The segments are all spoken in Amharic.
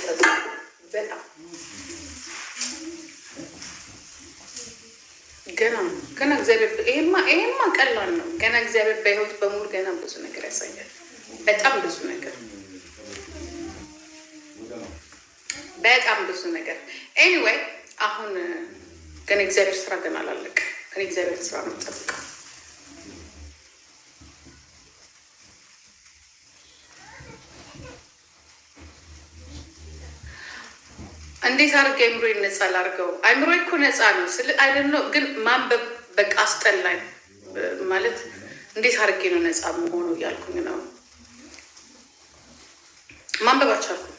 ይሰጡ በጣም ገና ገና እግዚአብሔር ይሄማ ይሄማ ቀላል ነው። ገና እግዚአብሔር በህይወት በሙሉ ገና ብዙ ነገር ያሳያል። በጣም ብዙ ነገር በጣም ብዙ ነገር። ኤኒዌይ አሁን ግን እግዚአብሔር ስራ ገና አላለቀ። እኔ እግዚአብሔር ስራ ነው የምጠብቀው። እንዴት አድርገ አይምሮ ነፃ ላርገው? አይምሮ እኮ ነፃ ነው ስል አይደለ፣ ግን ማንበብ በቃ አስጠላኝ። ማለት እንዴት አድርጌ ነው ነፃ መሆኑ እያልኩኝ ነው። ማንበብ አልቻልኩም።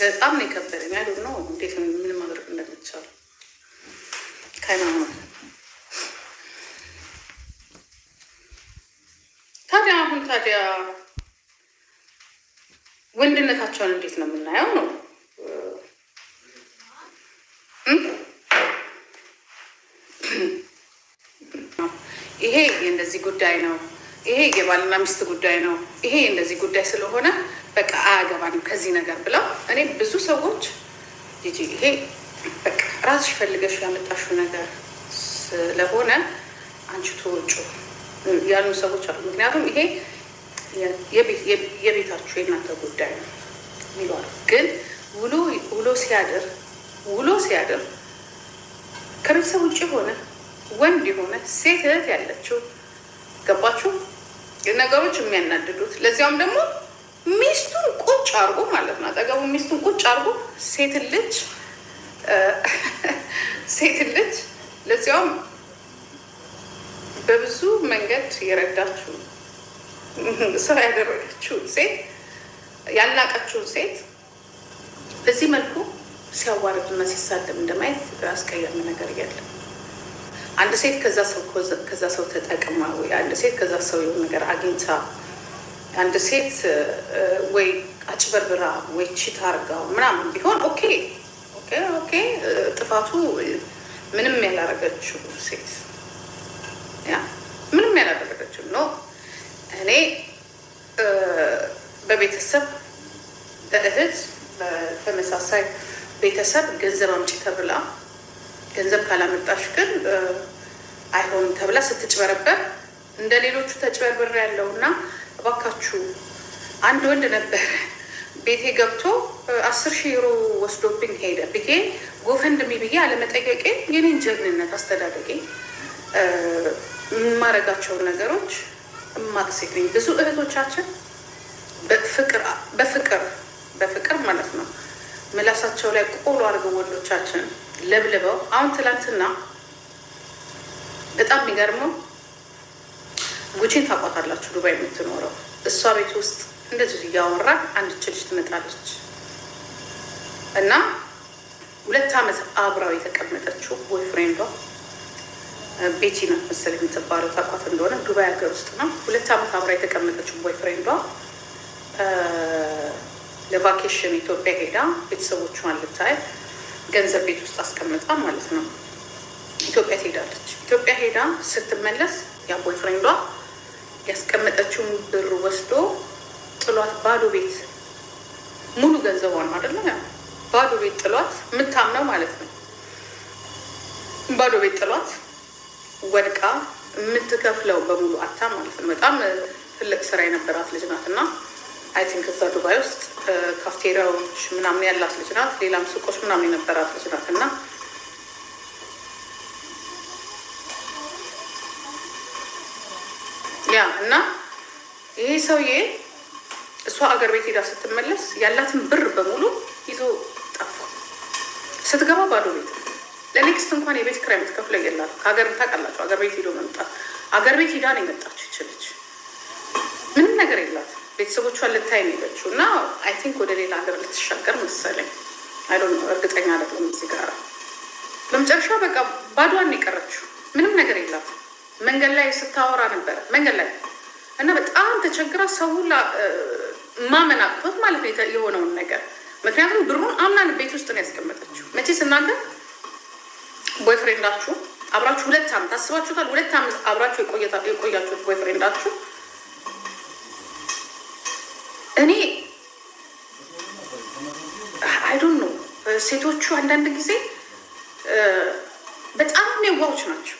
በጣም ነው የከበደኝ። አይዶ ነው እንዴት ምን ማድረግ እንደምቻል ከሃይማኖት ታዲያ አሁን ታዲያ ወንድነታቸውን እንዴት ነው የምናየው ነው ይሄ እንደዚህ ጉዳይ ነው፣ ይሄ የባልና ሚስት ጉዳይ ነው፣ ይሄ እንደዚህ ጉዳይ ስለሆነ በቃ አያገባንም ከዚህ ነገር ብለው እኔ ብዙ ሰዎች ይሄ በቃ ራስሽ ፈልገሽ ያመጣሽው ነገር ስለሆነ አንቺ ተወጩ ያሉ ሰዎች አሉ። ምክንያቱም ይሄ የቤታችሁ የእናንተ ጉዳይ ነው የሚለዋል። ግን ውሎ ውሎ ሲያድር ውሎ ሲያድር ከቤተሰብ ውጭ የሆነ ወንድ የሆነ ሴት እህት ያለችው ገባችሁ? ነገሮች የሚያናድዱት ለዚያውም ደግሞ ሚስቱን ቁጭ አድርጎ ማለት ነው አጠገቡ ሚስቱን ቁጭ አርጎ ሴት ልጅ ሴት ልጅ ለዚያውም በብዙ መንገድ የረዳችሁ ስራ ያደረገችውን ሴት ያላቀችውን ሴት በዚህ መልኩ ሲያዋርድና ሲሳደብ እንደማየት አስቀያሚ ነገር እያለ አንድ ሴት ከዛ ሰው ተጠቅማ ወይ አንድ ሴት ከዛ ሰው የሆነ ነገር አግኝታ አንድ ሴት ወይ አጭበርብራ ወይ ቺት አርጋ ምናምን ቢሆን ኦኬ ኦኬ ኦኬ ጥፋቱ ምንም ያላረገችው ሴት ምንም ያላረገ እኔ በቤተሰብ በእህት በተመሳሳይ ቤተሰብ ገንዘብ አምጪ ተብላ ገንዘብ ካላመጣሽ ግን አይሆንም ተብላ ስትጭበረበር እንደ ሌሎቹ ተጭበርብር ያለው እና እባካችሁ አንድ ወንድ ነበር ቤቴ ገብቶ አስር ሺህ ዩሮ ወስዶብኝ ሄደ ብዬ ጎፈንድሚ ብዬ አለመጠየቄ የኔን ጀግንነት አስተዳደቄ የማረጋቸውን ነገሮች እማቅ ሴት ነኝ። ብዙ እህቶቻችን በፍቅር በፍቅር ማለት ነው ምላሳቸው ላይ ቆሎ አድርገው ወንዶቻችን ለብልበው አሁን ትላንትና በጣም የሚገርመው ጉቺን ታቋታላችሁ ዱባይ የምትኖረው እሷ ቤት ውስጥ እንደዚህ እያወራ አንድ ልጅ ትመጣለች እና ሁለት ዓመት አብራው የተቀመጠችው ቦይፍሬንዷ ቤቲ ናት መሰለኝ የምትባለው ታውቋት እንደሆነ ዱባይ ሀገር ውስጥ ነው። ሁለት ዓመት አብራ የተቀመጠችው ቦይፍሬንዷ ለቫኬሽን ኢትዮጵያ ሄዳ ቤተሰቦቿን ልታይ ገንዘብ ቤት ውስጥ አስቀምጣ ማለት ነው ኢትዮጵያ ትሄዳለች። ኢትዮጵያ ሄዳ ስትመለስ ያ ቦይፍሬንዷ ያስቀመጠችውን ብር ወስዶ ጥሏት ባዶ ቤት ሙሉ ገንዘቧን አይደለም ያ ባዶ ቤት ጥሏት፣ የምታምነው ማለት ነው ባዶ ቤት ጥሏት ወድቃ የምትከፍለው በሙሉ አታ ማለት ነው። በጣም ትልቅ ስራ የነበራት ልጅ ናት እና አይ ቲንክ እዛ ዱባይ ውስጥ ካፍቴሪያዎች ምናምን ያላት ልጅ ናት። ሌላም ሱቆች ምናምን የነበራት ልጅ ናት እና ያ እና ይሄ ሰውዬ እሷ አገር ቤት ሄዳ ስትመለስ ያላትን ብር በሙሉ ይዞ ጠፋ። ስትገባ ባዶ ቤት ለኔክስት እንኳን የቤት ክራይ የምትከፍለው የላት። ከሀገር ታውቃላችሁ፣ ሀገር ቤት ሄዶ መምጣት። ሀገር ቤት ሄዳ ነው የመጣችሁ። ይችለች ምንም ነገር የላት። ቤተሰቦቿን ልታይ ነው የሄደችው እና አይ ቲንክ ወደ ሌላ ሀገር ልትሻገር መሰለኝ። አይ ዶንት እርግጠኛ አይደለም። እዚህ ጋር በመጨረሻ በቃ ባዷን የቀረችው ምንም ነገር የላት። መንገድ ላይ ስታወራ ነበረ መንገድ ላይ እና በጣም ተቸግራ ሰው ማመን አቅቶት ማለት ነው የሆነውን ነገር ምክንያቱም ብሩን አምናን ቤት ውስጥ ነው ያስቀመጠችው መቼ ስናገር ቦይፍሬንዳችሁ አብራችሁ ሁለት ዓመት አስባችሁታል። ሁለት ዓመት አብራችሁ የቆያችሁት ቦይፍሬንዳችሁ እኔ አይዶን ነው። ሴቶቹ አንዳንድ ጊዜ በጣም የዋዎች ናቸው።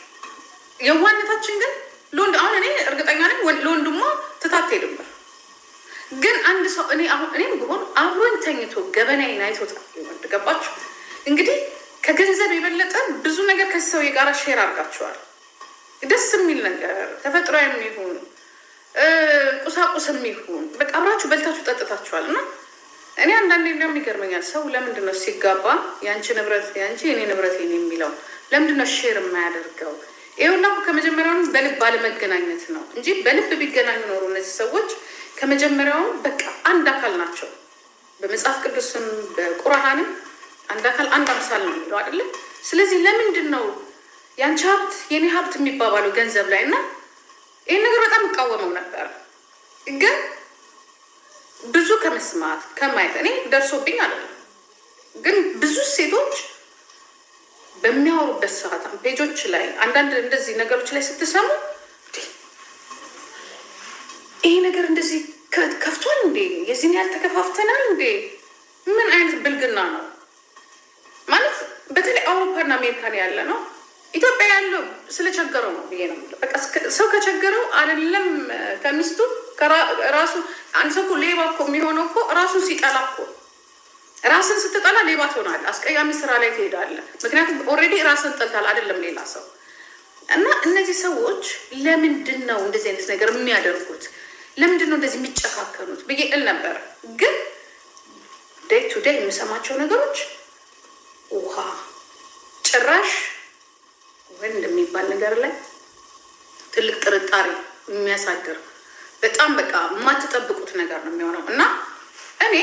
የዋነታችን ግን ለወንድ አሁን እኔ እርግጠኛ ነኝ ለወንድሟ ትታት ሄድምበር ግን አንድ ሰው እኔ አሁን እኔም ብሆን አብሮኝ ተኝቶ ገበናዬን አይቶታል። ወንድ ገባችሁ እንግዲህ ከገንዘብ የበለጠ ብዙ ነገር ከሰው የጋራ ሼር አድርጋችኋል። ደስ የሚል ነገር ተፈጥሮ የሚሆን ቁሳቁስ የሚሆን በቃ አብራችሁ በልታችሁ ጠጥታችኋል። እና እኔ አንዳንዴ ሊሆን ይገርመኛል። ሰው ለምንድን ነው ሲጋባ የአንቺ ንብረት የአንቺ የኔ ንብረት የኔ የሚለው ለምንድን ነው ሼር የማያደርገው? ይሁና ከመጀመሪያውን ከመጀመሪያውም በልብ አለመገናኘት ነው እንጂ በልብ ቢገናኙ ኖሩ እነዚህ ሰዎች ከመጀመሪያውም በቃ አንድ አካል ናቸው። በመጽሐፍ ቅዱስም በቁርሃንም አንድ አካል አንድ አምሳል ነው የሚለው አይደለ? ስለዚህ ለምንድን ነው የአንቺ ሀብት የኔ ሀብት የሚባባለው ገንዘብ ላይ? እና ይህን ነገር በጣም እቃወመው ነበር፣ ግን ብዙ ከመስማት ከማየት እኔ ደርሶብኝ አለ። ግን ብዙ ሴቶች በሚያወሩበት ሰዓት ፔጆች ላይ አንዳንድ እንደዚህ ነገሮች ላይ ስትሰሙ ይሄ ነገር እንደዚህ ከፍቷል እንዴ? የዚህን ያህል ተከፋፍተናል እንዴ? ምን አይነት ብልግና ነው? በተለይ አውሮፓና አሜሪካን ያለ ነው ኢትዮጵያ ያለው ስለቸገረው ነው ብዬ ነው። ሰው ከቸገረው አይደለም ከሚስቱ ራሱ አንድ ሰው ሌባ እኮ የሚሆነው እኮ ራሱን ሲጠላ እኮ። ራስን ስትጠላ ሌባ ትሆናል። አስቀያሚ ስራ ላይ ትሄዳለ። ምክንያቱም ኦልሬዲ ራስን ጠልታል፣ አይደለም ሌላ ሰው እና እነዚህ ሰዎች ለምንድን ነው እንደዚህ አይነት ነገር የሚያደርጉት? ለምንድን ነው እንደዚህ የሚጨካከኑት ብዬ እል ነበር። ግን ዴይ ቱ ዴይ የምሰማቸው ነገሮች ውሃ ጭራሽ ወንድ የሚባል ነገር ላይ ትልቅ ጥርጣሬ የሚያሳድር በጣም በቃ የማትጠብቁት ነገር ነው የሚሆነው እና እኔ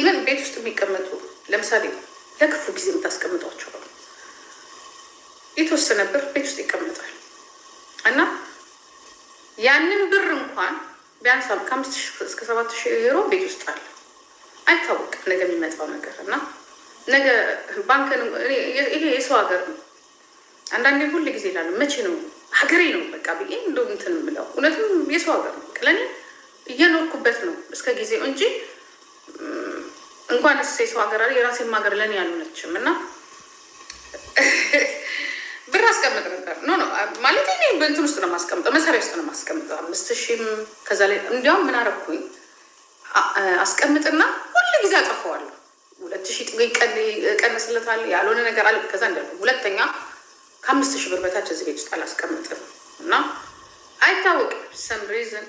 ኢቨን ቤት ውስጥ የሚቀመጡ ለምሳሌ ለክፉ ጊዜ የምታስቀምጧቸው የተወሰነ ብር ቤት ውስጥ ይቀመጣል እና ያንን ብር እንኳን ቢያንስ ከአምስት ሺህ እስከ ሰባት ሺህ ዩሮ ቤት ውስጥ አለ። አይታወቅም ነገ የሚመጣው ነገር እና ነገ ባንክን ይሄ የሰው ሀገር ነው። አንዳንዴ ሁል ጊዜ ላለ መቼ ነው ሀገሬ ነው በቃ ብዬ እንደ እንትን የምለው እውነትም የሰው ሀገር ነው። ለእኔ እየኖርኩበት ነው እስከ ጊዜው እንጂ እንኳን ስ የሰው ሀገር አለ የራሴም ሀገር ለእኔ ያልሆነችም እና ብር አስቀምጥ ነበር ኖ ማለት እኔ በእንትን ውስጥ ነው ማስቀምጠው መሳሪያ ውስጥ ነው ማስቀምጠው አምስት ሺህም ከዛ ላይ እንዲያውም ምን አረኩኝ አስቀምጥና ጊዜ አጠፋዋለሁ። ሁለት ሺህ ቀንስለታል ያልሆነ ነገር አለ። ከዛ እንዳልኩ ሁለተኛ ከአምስት ሺ ብር በታች እዚህ ቤት ውስጥ አላስቀምጥም እና አይታወቅም። ሰም ሪዝን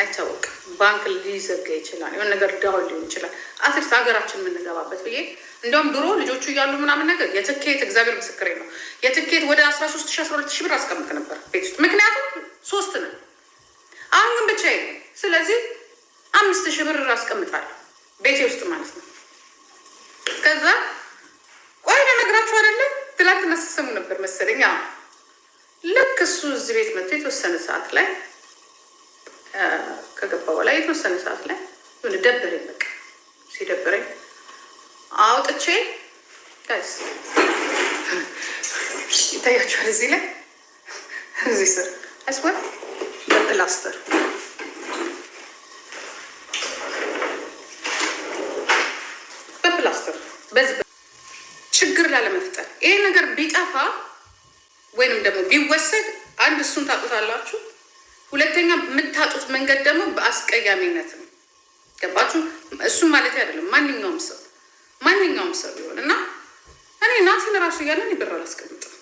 አይታወቅም። ባንክ ሊዘጋ ይችላል። የሆነ ነገር ዳውን ሊሆን ይችላል። አትሊስት ሀገራችን የምንገባበት ብዬ እንዲያውም ድሮ ልጆቹ እያሉ ምናምን ነገር የትኬት እግዚአብሔር ምስክሬ ነው የትኬት ወደ አስራ ሶስት ሺ አስራ ሁለት ሺ ብር አስቀምጥ ነበር ቤት ውስጥ ምክንያቱም ሶስት ነን። አሁን ግን ብቻዬን ስለዚህ አምስት ሺህ ብር አስቀምጣለሁ። ቤቴ ውስጥ ማለት ነው። ከዛ ቆይ ለነግራችሁ አይደለ ትላት ስትሰሙ ነበር መሰለኝ። ልክ እሱ እዚህ ቤት መጥቶ የተወሰነ ሰዓት ላይ ከገባ በኋላ የተወሰነ ሰዓት ላይ ሆነ ደበረኝ። በቃ ሲደበረኝ አውጥቼ ጋይስ ይታያችኋል እዚህ ላይ እዚህ ስር አስወ በፕላስተር ችግር ላለመፍጠር ይሄ ነገር ቢጠፋ ወይንም ደግሞ ቢወሰድ አንድ እሱን ታጡታላችሁ። ሁለተኛ የምታጡት መንገድ ደግሞ በአስቀያሚነት ነው። ገባችሁ? እሱም ማለት አይደለም ማንኛውም ሰው ማንኛውም ሰው ቢሆን እና እኔ ናቲን እራሱ እያለን ብር አላስቀምጥም፣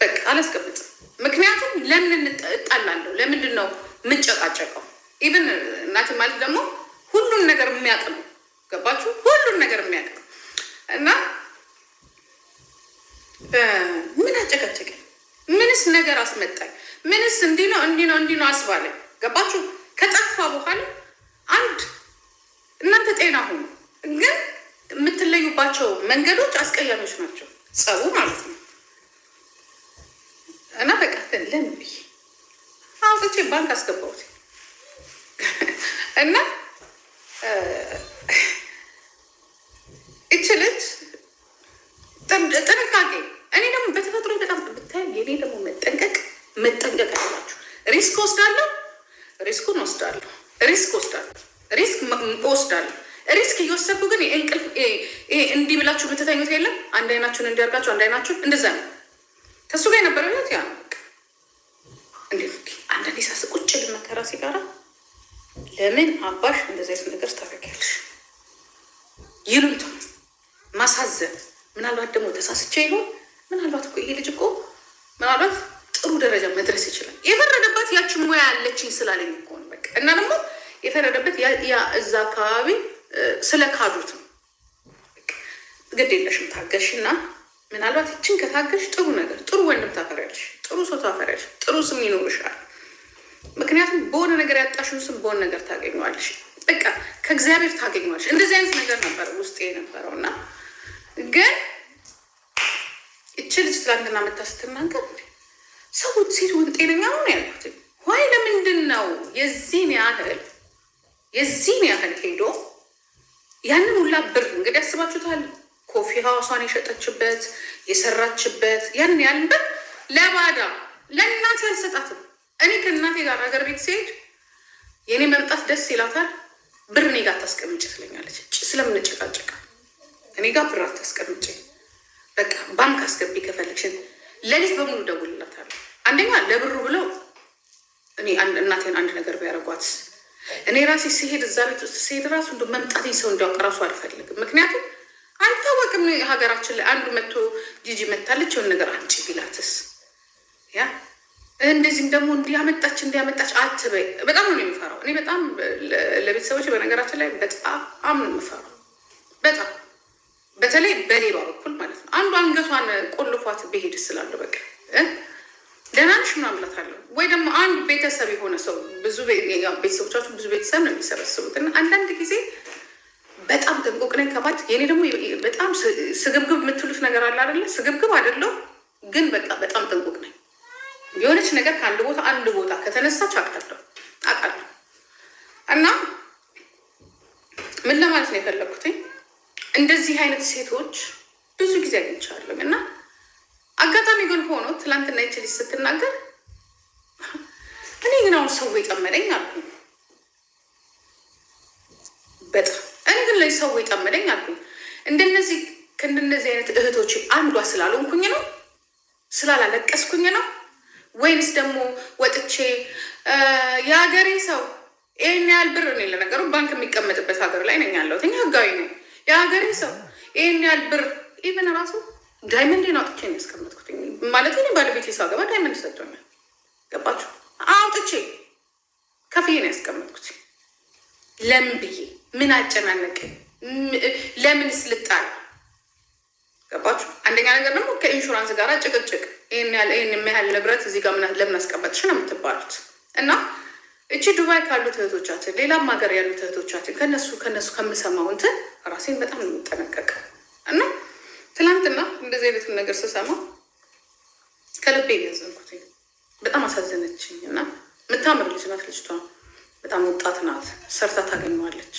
በቃ አላስቀምጥም። ምክንያቱም ለምን እጣላለሁ? ለምንድን ነው የምንጨቃጨቀው? ኢቨን ማለት ደግሞ ሁሉን ነገር የሚያውቅ ነው። ገባችሁ? ሁሉን ነገር የሚያውቅ ነው። እና ምን አጨቀጨቀ? ምንስ ነገር አስመጣኝ? ምንስ እንዲህ ነው እንዲህ ነው እንዲህ ነው አስባለ? ገባችሁ? ከጠፋ በኋላ አንድ እናንተ ጤና ሁኑ። ግን የምትለዩባቸው መንገዶች አስቀያሚዎች ናቸው፣ ጸቡ ማለት ነው። እና በቃ ለን ብዬ አውጥቼ ባንክ አስገባሁት እና እወስዳለሁ። ሪስክ እየወሰድኩ ግን እንቅልፍ ይሄ እንዲህ ብላችሁ የምትተኙት የለም። አንድ አይናችሁን እንዲያርጋችሁ፣ አንድ አይናችሁን እንደዛ ነው። ከሱ ጋር የነበረ ነት ያ አንዳንዴ ሳስ ቁጭ ልመከራ ሲጋራ ለምን አባሽ እንደዚህ አይነት ነገር ታደርጊያለሽ? ይሉኝታ ማሳዘን። ምናልባት ደግሞ ተሳስቼ ይሆን? ምናልባት እኮ ይሄ ልጅ እኮ ምናልባት ጥሩ ደረጃ መድረስ ይችላል። የፈረደባት ያችን ሙያ ያለችኝ ስላለኝ እኮ ነው በቃ እና ደግሞ የፈረደበት ያ እዛ አካባቢ ስለ ካዱት ነው። ግድ የለሽም ታገሽ እና ምናልባት ይችን ከታገሽ ጥሩ ነገር ጥሩ ወንድም ታፈሪያለሽ፣ ጥሩ ሰው ታፈሪያለሽ፣ ጥሩ ስም ይኖርሻል። ምክንያቱም በሆነ ነገር ያጣሽን ስም በሆነ ነገር ታገኘዋለሽ። በቃ ከእግዚአብሔር ታገኘዋለሽ። እንደዚህ አይነት ነገር ነበር ውስጥ የነበረው እና ግን እች ልጅ ትላንትና መታ ስትናገር ሰዎች ሴት ወንጤነኛ ሆነ ያልኩት ዋይ ለምንድን ነው የዚህን ያህል የዚህን ያህል ሄዶ ያንን ሁላ ብር እንግዲህ ያስባችሁታል። ኮፊ ሀዋሷን የሸጠችበት የሰራችበት ያንን ያህል ብር ለባዳ ለእናቴ አልሰጣትም። እኔ ከእናቴ ጋር ሀገር ቤት ሲሄድ የእኔ መምጣት ደስ ይላታል። ብር እኔ ጋር ታስቀምጭ ትለኛለች። ስለምንጭቃጭቃ እኔ ጋር ብር አታስቀምጭ፣ በቃ ባንክ አስገቢ ከፈለግሽን። ሌሊት በሙሉ ደውልላታለሁ። አንደኛ ለብሩ ብለው እኔ እናቴን አንድ ነገር ቢያደርጓት እኔ ራሴ ሲሄድ እዛ ቤት ውስጥ ሲሄድ ራሱ እንደ መምጣት ሰው እንዲያውቅ ራሱ አልፈልግም። ምክንያቱም አልታወቅም። ሀገራችን ላይ አንዱ መቶ ጂጂ መታለች የሆነ ነገር አንቺ ቢላትስ ያ እንደዚህም ደግሞ እንዲያመጣች እንዲያመጣች አትበይ። በጣም ነው የሚፈራው። እኔ በጣም ለቤተሰቦች በነገራችን ላይ በጣም ነው የምፈራው። በጣም በተለይ በሌባ በኩል ማለት ነው። አንዱ አንገቷን ቆልፏት ብሄድ ስላለው በቃ ደህና ነሽ ምናምን እላታለሁ። ወይ ደግሞ አንድ ቤተሰብ የሆነ ሰው ብዙ ቤተሰቦቻችን ብዙ ቤተሰብ ነው የሚሰበስቡት እና አንዳንድ ጊዜ በጣም ጥንቁቅ ነኝ ከባት የኔ ደግሞ በጣም ስግብግብ የምትሉት ነገር አለ አይደለ? ስግብግብ አይደለሁ ግን በቃ በጣም ጥንቁቅ ነኝ። የሆነች ነገር ከአንድ ቦታ አንድ ቦታ ከተነሳች አውቃለሁ አውቃለሁ። እና ምን ለማለት ነው የፈለግኩትኝ እንደዚህ አይነት ሴቶች ብዙ ጊዜ አግኝቻለሁ እና አጋጣሚ ግን ሆኖ ትላንትና ይችል ስትናገር እኔ ግን አሁን ሰው የጠመደኝ አልኩ። በጣም እኔ ግን ላይ ሰው የጠመደኝ አልኩ። እንደነዚህ ከእንደነዚህ አይነት እህቶች አንዷ ስላልሆንኩኝ ነው ስላላለቀስኩኝ ነው ወይንስ ደግሞ ወጥቼ የሀገሬ ሰው ይህን ያህል ብር ነው ለነገሩ ባንክ የሚቀመጥበት ሀገር ላይ ነኝ ያለሁት ህጋዊ ነው። የሀገሬ ሰው ይህን ያህል ብር ኢቨን ራሱ ዳይመንድ አውጥቼ ነው ያስቀመጥኩት። ማለት ግን ባለቤቴ ሳገባ ዳይመንድ ሰጥቶኛል። ገባችሁ? አውጥቼ ከፍዬ ነው ያስቀመጥኩት። ለምን ብዬ ምን አጨናነቅ? ለምን ስልጣል? ገባችሁ? አንደኛ ነገር ደግሞ ከኢንሹራንስ ጋር ጭቅጭቅ፣ ይህን ያህል ንብረት እዚህ ጋር ለምን አስቀመጥሽ ነው የምትባሉት እና እቺ ዱባይ ካሉት እህቶቻችን ሌላም ሀገር ያሉት እህቶቻችን ከነሱ ከነሱ ከምሰማው እንትን ራሴን በጣም ነው የምጠነቀቀው እና ትላንትና እንደዚህ አይነትን ነገር ስሰማ ከልቤ ያዘንኩት በጣም አሳዘነችኝ። እና የምታምር ልጅ ናት ልጅቷ፣ በጣም ወጣት ናት፣ ሰርታ ታገኘዋለች።